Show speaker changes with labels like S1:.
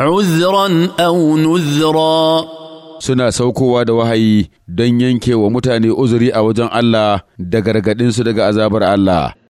S1: عذرا أو نذرا suna saukowa da wahayi don yanke wa mutane uzuri a wajen Allah da gargaɗinsu daga azabar Allah.